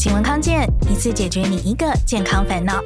請問康健，一次解決你一個健康煩惱。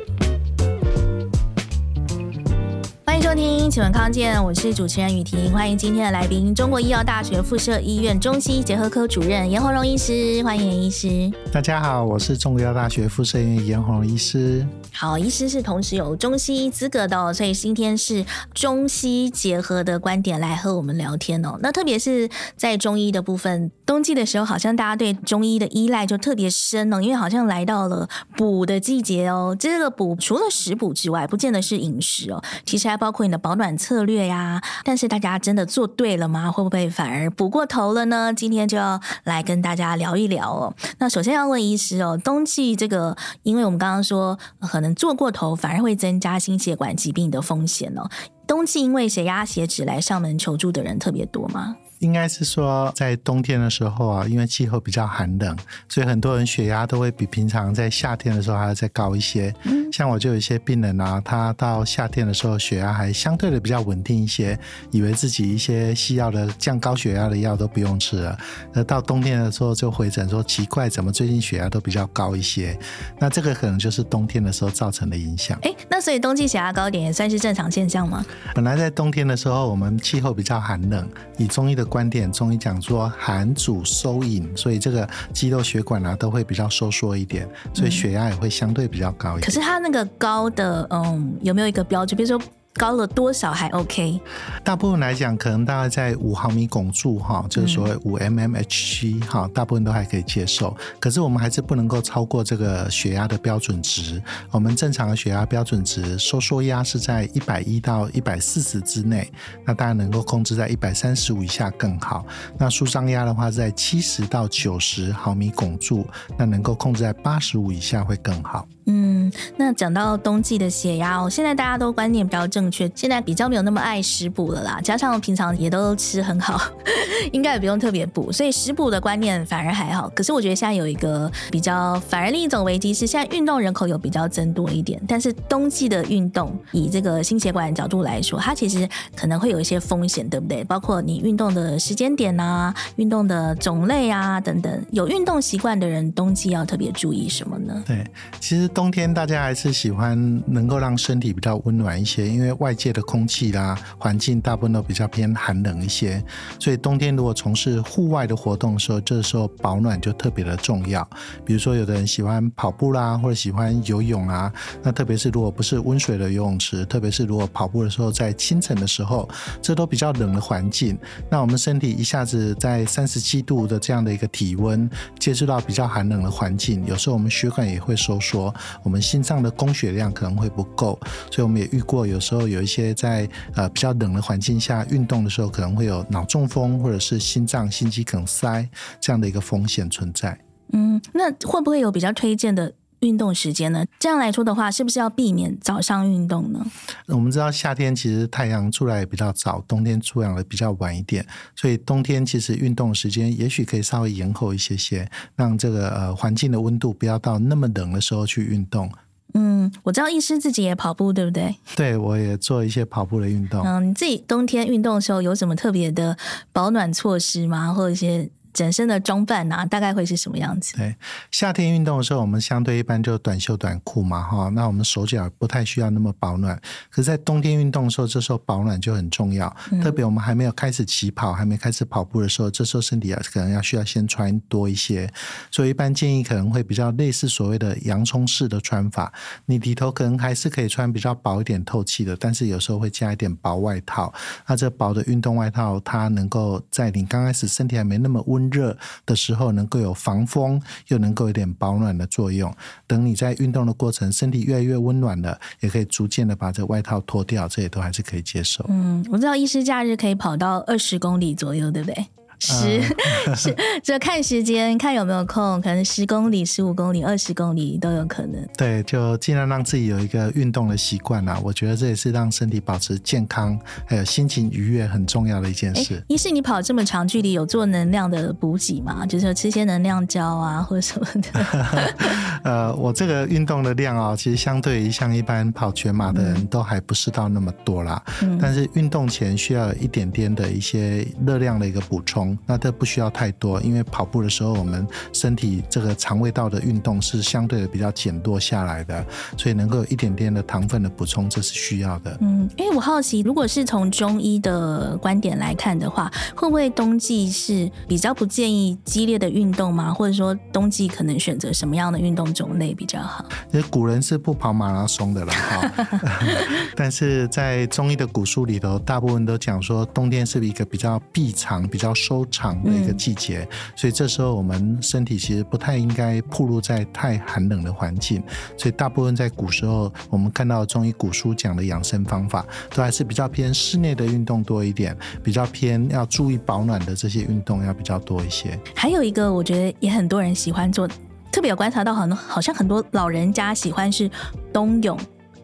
歡迎收聽，請問康健，我是主持人雨婷，歡迎今天的來賓——中國醫藥大學附設醫院中西醫結合科主任顏宏融醫師，歡迎顏醫師。大家好，我是中國醫藥大學附設醫院顏宏融醫師。好，醫師是同時有中西醫資格的哦，所以今天是中西結合的觀點來和我們聊天哦。那特別是在中醫的部分，冬季的時候好像大家對中醫的依賴就特別深呢、哦，因為好像來到了補的季節哦。這個補除了食補之外，不見得是飲食哦，其實還包括你的保暖策略呀。但是大家真的做對了嗎？會不會反而補過頭了呢？今天就要來跟大家聊一聊哦。那首先要問醫師哦，冬季這個，因為我們剛剛說很。能做過頭，反而會增加心血管疾病的風險哦。冬季因為血壓、血脂來上門求助的人特別多嗎？應該是說，在冬天的時候啊，因為氣候比較寒冷，所以很多人血壓都會比平常在夏天的時候還要再高一些。嗯、像我就有一些病人啊，他到夏天的時候血壓還相對的比較穩定一些，以為自己一些西藥的降高血壓的藥都不用吃了，那到冬天的時候就回診說奇怪，怎麼最近血壓都比較高一些？那這個可能就是冬天的時候造成的影響。哎、欸，那所以冬季血壓高點也算是正常現象嗎？本來在冬天的時候，我們氣候比較寒冷，以中醫的。觀點中醫講說寒主收引，所以這個肌肉血管啊都會比較收縮一點，所以血壓也會相對比較高一點，嗯。可是它那個高的，嗯，有沒有一個標準？比如說。高了多少還 OK？大部分來講，可能大概在五毫米汞柱哈，就是所謂五 mmHg 哈，大部分都還可以接受。可是我們還是不能夠超過這個血壓的標準值。我們正常的血壓標準值，收縮壓是在一百一到一百四十之內，那大概能夠控制在一百三十五以下更好。那舒張壓的話，是在七十到九十毫米汞柱，那能夠控制在八十五以下會更好。嗯，那講到冬季的血壓哦，現在大家都觀念比較正確，現在比較沒有那麼愛食補了啦，加上平常也都吃很好，呵呵，應該也不用特別補，所以食補的觀念反而還好。可是我覺得現在有一個比較，反而另一種危機是，現在運動人口有比較增多一點，但是冬季的運動以這個心血管角度來說，它其實可能會有一些風險，對不對？包括你運動的時間點吶、啊，運動的種類啊等等。有運動習慣的人，冬季要特別注意什麼呢？對，其實。冬天大家還是喜歡能夠讓身體比較溫暖一些，因為外界的空氣啦、啊、環境大部分都比較偏寒冷一些。所以冬天如果從事戶外的活動的時候，這個、時候保暖就特別的重要。比如說有的人喜歡跑步啦、啊，或者喜歡游泳啊。那特別是如果不是溫水的游泳池，特別是如果跑步的時候在清晨的時候，這都比較冷的環境。那我們身體一下子在三十七度的這樣的一個體溫，接觸到比較寒冷的環境，有時候我們血管也會收縮。我們心臟的供血量可能會不夠，所以我們也遇過，有時候有一些在呃比較冷的環境下運動的時候，可能會有腦中風或者是心臟心肌梗塞這樣的一個風險存在。嗯，那會不會有比較推薦的運動時間呢？這樣來說的話，是不是要避免早上運動呢？我們知道夏天其實太陽出來也比較早，冬天出來的比較晚一點，所以冬天其實運動時間也許可以稍微延後一些些，讓這個呃環境的溫度不要到那麼冷的時候去運動。嗯，我知道醫師自己也跑步，對不對？對，我也做一些跑步的運動。嗯，你自己冬天運動的時候有什麼特別的保暖措施嗎？或者一些？整身的裝扮呢，大概會是什麼樣子？對，夏天運動的時候，我們相對一般就短袖短褲嘛，哈。那我們手腳不太需要那麼保暖。可是在冬天運動的時候，這時候保暖就很重要。嗯、特別我們還沒有開始起跑，還沒開始跑步的時候，這時候身體可能要需要先穿多一些。所以一般建議可能會比較類似所謂的洋蔥式的穿法。你裡頭可能還是可以穿比較薄一點透氣的，但是有時候會加一點薄外套。那這薄的運動外套，它能夠在你剛開始身體還沒那麼溫。熱的時候能夠有防風，又能夠有點保暖的作用。等你在運動的過程，身體越來越溫暖，了，也可以逐漸的把這外套脫掉，這也都還是可以接受。嗯，我知道醫師假日可以跑到二十公里左右，對不對？十是，就看時間，看有沒有空，可能十公里、十五公里、二十公里都有可能。對，就儘量讓自己有一個運動的習慣啦。我覺得這也是讓身體保持健康，還有心情愉悅很重要的一件事。醫師、欸、你跑這麼長距離，有做能量的補給嗎？就是吃些能量膠啊，或者什麼的。 呃，我這個運動的量啊，其實相對於像一般跑全馬的人都還不是到那麼多啦。嗯、但是運動前需要有一點點的一些熱量的一個補充。那這不需要太多，因為跑步的時候，我們身體這個腸胃道的運動是相對的比較減弱下來的，所以能夠有一點點的糖分的補充，這是需要的。嗯，因為我好奇，如果是從中醫的觀點來看的話，會不會冬季是比較不建議激烈的運動嗎？或者說冬季可能選擇什麼樣的運動種類比較好？因為古人是不跑馬拉松的啦、 哦。但是在中醫的古書裡頭，大部分都講說，冬天是一個比較閉藏、比較收。收藏的一個季節，嗯，所以這時候我們身體其實不太應該暴露在太寒冷的環境，所以大部分在古時候，我們看到中醫古書講的養生方法，都還是比較偏室內的運動多一點，比較偏要注意保暖的這些運動要比較多一些。還有一個，我覺得也很多人喜歡做，特別有觀察到很多，好像很多老人家喜歡是冬泳。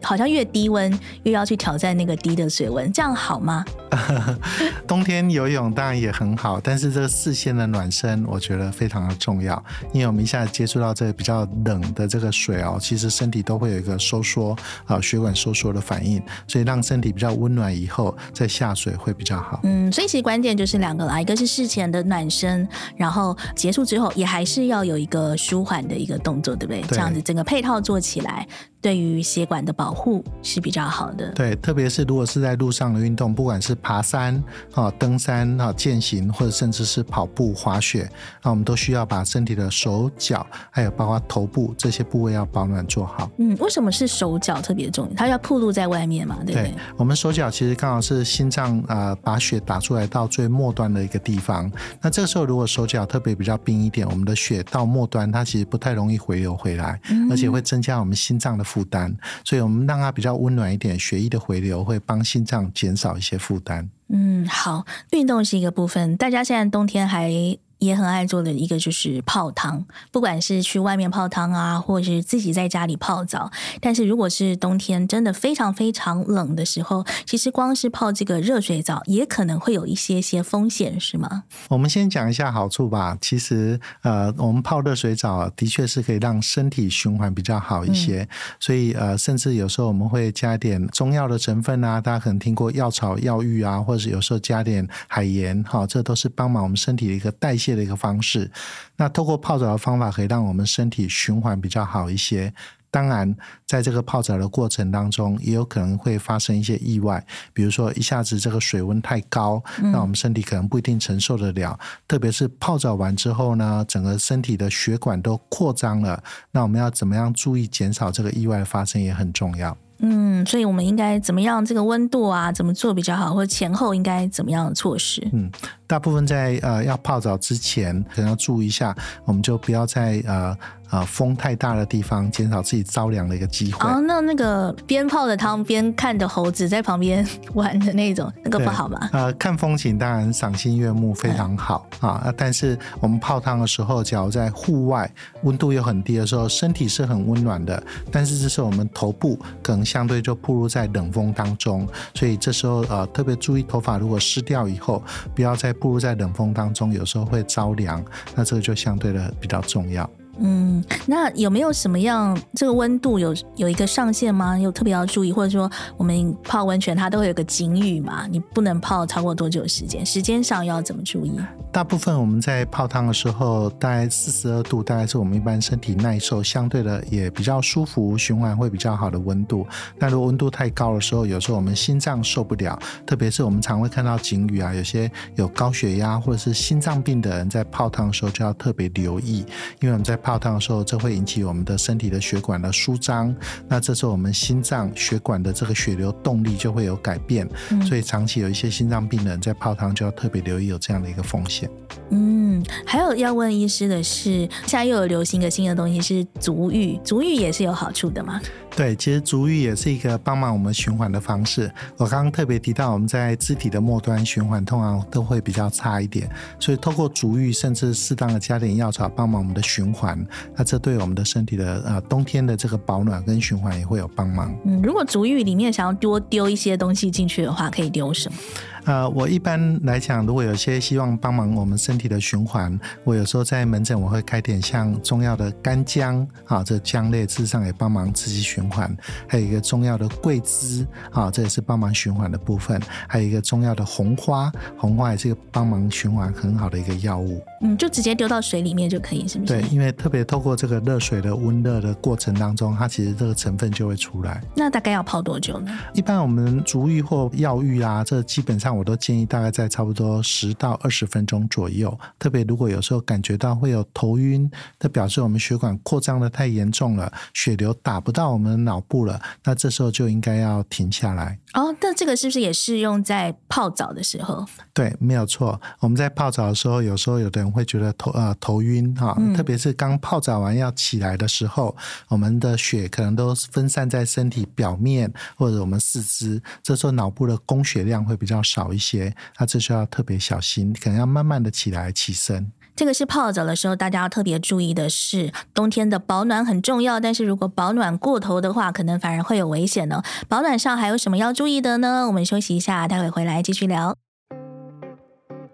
好像越低溫越要去挑戰那個低的水溫，這樣好嗎？ 冬天游泳當然也很好，但是這個事前的暖身我覺得非常的重要，因為我們一下子接觸到這個比較冷的這個水哦、喔，其實身體都會有一個收縮啊，血管收縮的反應，所以讓身體比較溫暖以後再下水會比較好。嗯，所以其實關鍵就是兩個啦，一個是事前的暖身，然後結束之後也還是要有一個舒緩的一個動作，對不對？對這樣子整個配套做起來對於血管的保護是比較好的。對，特別是如果是在路上的運動，不管是爬山啊、哦、登山啊、哦、健行，或者甚至是跑步、滑雪，那我們都需要把身體的手腳，還有包括頭部這些部位要保暖做好。嗯，為什麼是手腳特別重要？它要暴露在外面嘛，對不對，對？我們手腳其實剛好是心臟啊、呃，把血打出來到最末端的一個地方。那這個時候，如果手腳特別比較冰一點，我們的血到末端它其實不太容易回流回來，嗯、而且會增加我們心臟的。負擔，所以我們讓它比較溫暖一點，血液的回流會幫心臟減少一些負擔。嗯，好，運動是一個部分，大家現在冬天還也很愛做的一個就是泡湯，不管是去外面泡湯啊，或者是自己在家裡泡澡。但是如果是冬天真的非常非常冷的時候，其實光是泡這個熱水澡也可能會有一些些風險，是嗎？我們先講一下好處吧。其實呃，我們泡熱水澡的確是可以讓身體循環比較好一些，嗯。所以呃，甚至有時候我們會加點中藥的成分啊，大家可能聽過藥草藥浴啊，或者有時候加點海鹽，哈，這都是幫忙我們身體的一個代謝。的一個方式，那透過泡澡的方法可以讓我們身體循環比較好一些。當然，在這個泡澡的過程當中，也有可能會發生一些意外，比如說一下子這個水溫太高，那我們身體可能不一定承受得了。嗯、特別是泡澡完之後呢，整個身體的血管都擴張了，那我們要怎麼樣注意減少這個意外的發生也很重要。嗯，所以我們應該怎麼樣這個溫度啊？怎麼做比較好？或前後應該怎麼樣的措施？嗯，大部分在呃要泡澡之前，可能要注意一下，我們就不要再呃。啊，風太大的地方，減少自己着涼的一個機會。哦，那那個邊泡着湯邊看着猴子在旁邊玩的那種，那個不好嗎？呃，看風景當然賞心悅目，非常好對啊。但是我們泡湯的時候，假如在戶外溫度又很低的時候，身體是很溫暖的，但是這時候我們頭部可能相對就暴露在冷風當中，所以這時候呃特別注意，頭髮如果濕掉以後，不要再暴露在冷風當中，有時候會着涼。那這個就相對的比較重要。嗯，那有沒有什麼樣這個溫度有有一個上限嗎？又特別要注意，或者說我們泡溫泉它都會有個警語嘛，你不能泡超過多久時間？時間上要怎麼注意？大部分我們在泡湯的時候，大概四十二度，大概是我們一般身體耐受相對的也比較舒服，循環會比較好的溫度。那如果溫度太高的時候，有時候我們心臟受不了，特別是我們常會看到警語啊，有些有高血壓或者是心臟病的人在泡湯的時候就要特別留意，因為我們在泡。泡湯的時候，這會引起我們的身體的血管的舒張，那這時候，我們心臟血管的這個血流動力就會有改變，所以長期有一些心臟病人在泡湯就要特別留意有這樣的一個風險。嗯，還有要問醫師的是，現在又有流行一個新的東西是足浴，足浴也是有好處的嗎？對，其實足浴也是一個幫忙我們循環的方式。我剛剛特別提到，我們在肢體的末端循環通常都會比較差一點，所以透過足浴，甚至適當的加點藥草，幫忙我們的循環，那這對我們的身體的呃冬天的這個保暖跟循環也會有幫忙。嗯，如果足浴裡面想要多丟、丟一些東西進去的話，可以丟什麼？呃，我一般來講，如果有些希望幫忙我們身體的循環，我有時候在門診我會開點像中藥的乾薑啊、哦，這薑類之上也幫忙刺激循環；還有一個中藥的桂枝啊、哦，這也是幫忙循環的部分；還有一個中藥的紅花，紅花也是一個幫忙循環很好的一個藥物。嗯，就直接丟到水裡面就可以，是不是？對，因為特別透過這個熱水的溫熱的過程當中，它其實這個成分就會出來。那大概要泡多久呢？一般我們足浴或藥浴啊，這基本上。我都建議大概在差不多十到二十分鐘左右，特別如果有時候感覺到會有頭暈，那表示我們血管擴張的太嚴重了，血流打不到我們的腦部了，那這時候就應該要停下來。哦，那這個是不是也適用在泡澡的時候？對，沒有錯。我們在泡澡的時候，有時候有的人會覺得頭呃頭暈哈，哦嗯、特別是剛泡澡完要起來的時候，我們的血可能都分散在身體表面或者我們四肢，這時候腦部的供血量會比較少。好一些，他這就要特別小心，可能要慢慢的起來起身。這個是泡澡的時候，大家要特別注意的是，冬天的保暖很重要，但是如果保暖過頭的話，可能反而會有危險呢、哦。保暖上還有什麼要注意的呢？我們休息一下，待會回來繼續聊。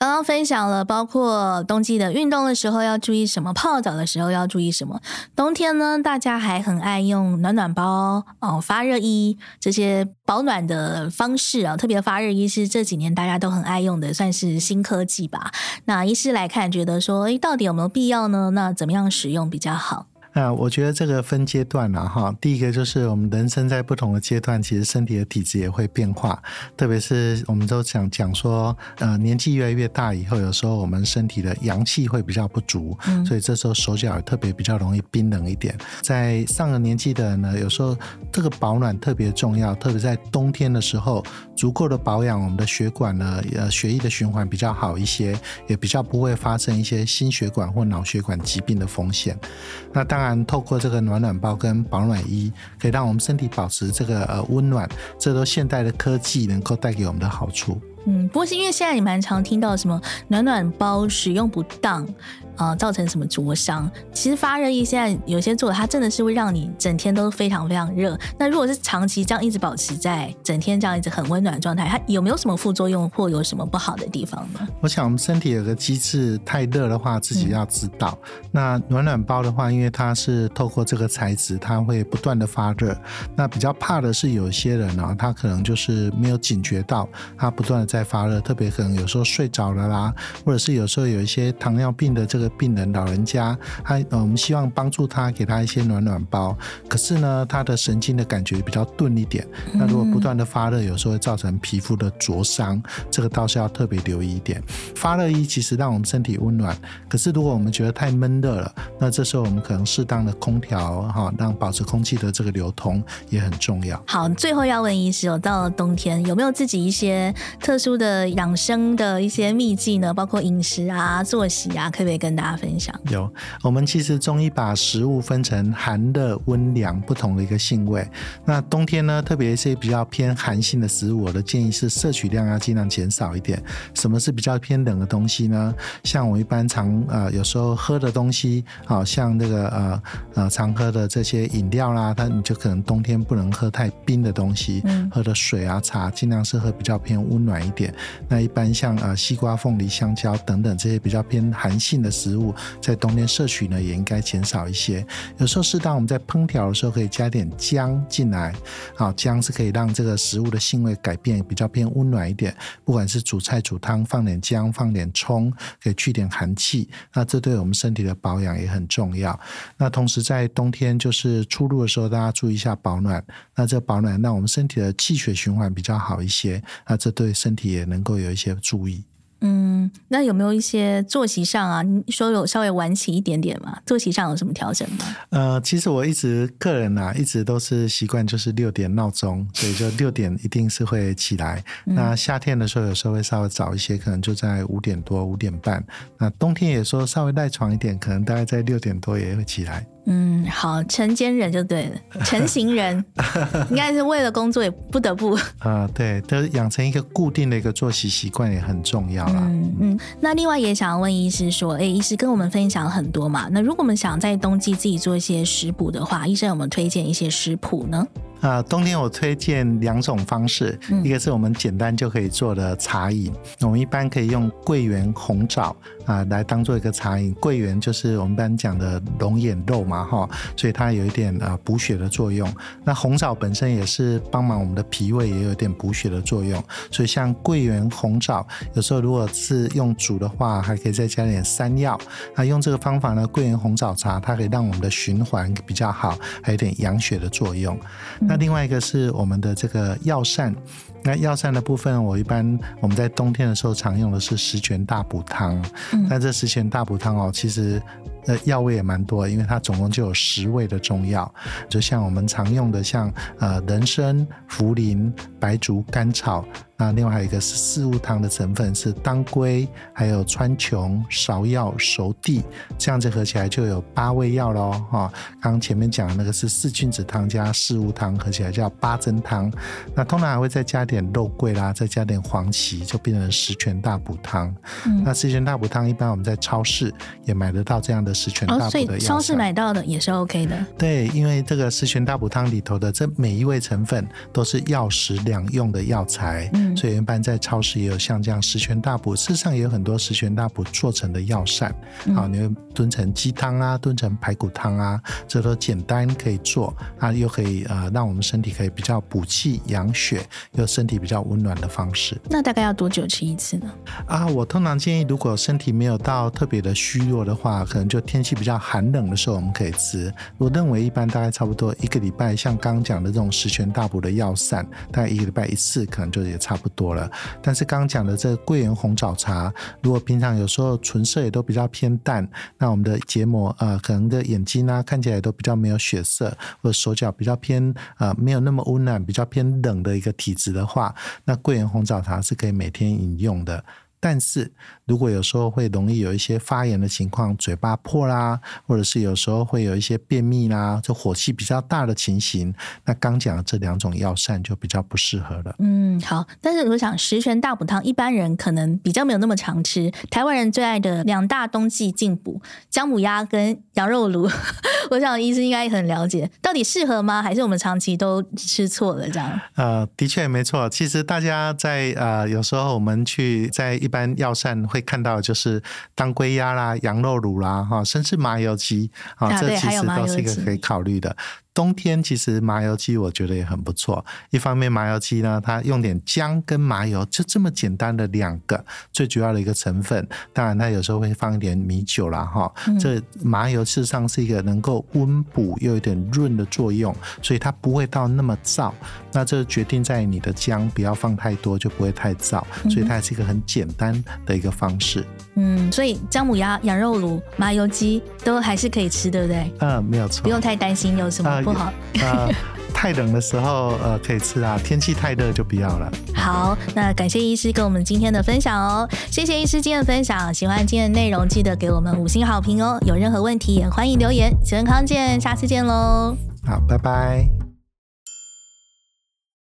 剛剛分享了，包括冬季的運動的時候要注意什麼，泡澡的時候要注意什麼。冬天呢，大家還很愛用暖暖包，哦，發熱衣，這些保暖的方式啊。特別發熱衣是這幾年大家都很愛用的，算是新科技吧。那醫師來看，覺得說，誒，到底有沒有必要呢？那怎麼樣使用比較好？那我覺得這個分階段了、啊、哈，第一個就是我們人生在不同的階段，其實身體的體質也會變化，特別是我們都講講說，呃，年紀越來越大以後，有時候我們身體的陽氣會比較不足，嗯，所以這時候手腳也特別比較容易冰冷一點。在上了年紀的人呢，有時候這個保暖特別重要，特別在冬天的時候，足夠的保養我們的血管呢，呃，血液的循環比較好一些，也比較不會發生一些心血管或腦血管疾病的風險。那當當然，透過這個暖暖包跟保暖衣，可以讓我們身體保持這個呃溫暖，這都現代的科技能夠帶給我們的好處。嗯，不過是因為現在也蠻常聽到什麼暖暖包使用不當。啊、嗯，造成什麼灼傷？其實發熱衣現在有些做的，它真的是會讓你整天都非常非常熱。那如果是長期這樣一直保持在整天這樣一直很溫暖狀態，它有沒有什麼副作用或有什麼不好的地方呢？我想我們身體有個機制，太熱的話自己要知道。嗯、那暖暖包的話，因為它是透過這個材質，它會不斷的發熱。那比較怕的是有些人呢，他可能就是沒有警覺到，他不斷的在發熱，特別可能有時候睡着了啦，或者是有時候有一些糖尿病的這個。病人、老人家，他呃、嗯，我們希望幫助他，給他一些暖暖包。可是呢，他的神經的感覺比較鈍一點。那如果不斷的發熱，有時候會造成皮膚的灼傷，這個倒是要特別留意一點。發熱衣其實讓我們身體溫暖，可是如果我們覺得太悶熱了，那這時候我們可能適當的空調哈，讓保持空氣的這個流通也很重要。好，最後要問醫師，哦，到了冬天有沒有自己一些特殊的養生的一些秘技呢？包括飲食啊、作息啊，可不可以跟大家分享有，我們其實中醫把食物分成寒、熱、溫、涼不同的一個性味。那冬天呢，特別是比較偏寒性的食物，我的建議是攝取量要盡量減少一點。什麼是比較偏冷的東西呢？像我一般常啊、呃，有時候喝的東西，好、哦、像那個呃呃常喝的這些飲料啦，它你就可能冬天不能喝太冰的東西。嗯、喝的水啊、茶，盡量是喝比較偏溫暖一點。那一般像啊、呃、西瓜、鳳梨、香蕉等等這些比較偏寒性的食物。食物在冬天攝取呢，也應該減少一些。有時候適當我們在烹調的時候，可以加點薑進來。好，薑是可以讓這個食物的性味改變，比較偏溫暖一點。不管是煮菜、煮湯，放點薑，放點蔥，可以去點寒氣。那這對我們身體的保養也很重要。那同時在冬天就是出入的時候，大家注意一下保暖。那這保暖，讓我們身體的氣血循環比較好一些。那這對身體也能夠有一些注意。嗯，那有沒有一些作息上啊？你說有稍微晚起一點點嘛？作息上有什麼調整嗎？呃，其實我一直個人啊，一直都是習慣就是六點鬧鐘，所以就六點一定是會起來。 那夏天的時候，有時候會稍微早一些，可能就在五點多、五點半。那冬天也說稍微賴床一點，可能大概在六點多也會起來。嗯，好，成間人就對了，成型人 應該是為了工作也不得不啊、呃，對，都養成一個固定的一個作息習慣也很重要啦。嗯嗯，那另外也想問醫師說，哎、欸，醫師跟我們分享很多嘛，那如果我們想在冬季自己做一些食補的話，醫生有沒有推薦一些食譜呢？啊、呃，冬天我推薦兩種方式，嗯、一個是我們簡單就可以做的茶飲，我們一般可以用桂圓紅棗啊、呃、來當做一個茶飲。桂圓就是我們一般講的龍眼肉嘛哈，所以它有一點啊、呃、補血的作用。那紅棗本身也是幫忙我們的脾胃，也有一點補血的作用，所以像桂圓紅棗，有時候如果是用煮的話，還可以再加點山藥。那、啊、用這個方法呢，桂圓紅棗茶，它可以讓我們的循環比較好，還有點養血的作用。那另外一個是我們的這個藥膳，那藥膳的部分，我一般我們在冬天的時候常用的是十全大補湯。那、嗯、這十全大補湯哦，其實呃藥味也蠻多，因為它總共就有十味的中藥，就像我們常用的像呃人參、茯苓。白朮、甘草，那另外還有一個是四物湯的成分是當歸，還有川芎、芍藥、熟地，這樣子合起來就有八味藥嘍。哈，剛前面講的那個是四君子湯加四物湯合起來叫八珍湯，那通常還會再加點肉桂啦，再加點黃芪，就變成十全大補湯。嗯，那十全大補湯一般我們在超市也買得到這樣的十全大補的藥。哦，所以超市買到的也是 OK 的。對，因為這個十全大補湯裡頭的這每一味成分都是藥食。兩用的藥材，嗯、所以一般在超市也有像這樣十全大補。事實上也有很多十全大補做成的藥膳，啊、嗯，你會燉成雞湯啊，燉成排骨湯啊，這都簡單可以做，啊，又可以呃讓我們身體可以比較補氣養血，又身體比較溫暖的方式。那大概要多久吃一次呢？啊，我通常建議，如果身體沒有到特別的虛弱的話，可能就天氣比較寒冷的時候我們可以吃。我認為一般大概差不多一個禮拜，像剛剛講的這種十全大補的藥膳，大概一。一個禮拜一次可能就也差不多了，但是剛剛講的這個桂圓紅棗茶，如果平常有時候唇色也都比較偏淡，那我們的結膜啊、呃，可能的眼睛呢、啊、看起來都比較沒有血色，或者手腳比較偏啊、呃、沒有那麼溫暖，比較偏冷的一個體質的話，那桂圓紅棗茶是可以每天飲用的，但是，如果有時候會容易有一些發炎的情況，嘴巴破啦，或者是有時候會有一些便秘啦，就火氣比較大的情形，那剛講的這兩種藥膳就比較不適合了。嗯，好，但是我想十全大補湯一般人可能比較沒有那麼常吃，台灣人最愛的兩大冬季進補薑母鴨跟羊肉爐，嗯、 我想我醫生應該很了解，到底適合嗎？還是我們長期都吃錯了這樣？呃，的確也沒錯，其實大家在呃有時候我們去在一般藥膳會。看到就是當歸鴨啦、羊肉爐啦，哈，甚至麻油雞啊對，這其實都是一個可以考慮的。冬天其實麻油雞我覺得也很不錯。一方面麻油雞呢，它用點薑跟麻油，就這麼簡單的兩個最主要的一個成分。當然它有時候會放一點米酒啦。哈、嗯。這麻油事實上是一個能夠溫補又有點潤的作用，所以它不會到那麼燥。那這決定在你的薑不要放太多，就不會太燥。所以它是一個很簡單的一個方式。嗯，所以薑母鴨、羊肉爐、麻油雞都還是可以吃，對不對？嗯，沒有錯，不用太擔心有什麼不好。啊、呃呃，太冷的時候，呃，可以吃啊。天氣太熱就不要了。好，那感謝醫師跟我們今天的分享哦。謝謝醫師今天的分享，喜歡今天的內容記得給我們五星好評哦。有任何問題也歡迎留言。請問康健，下次見嘍。好，拜拜。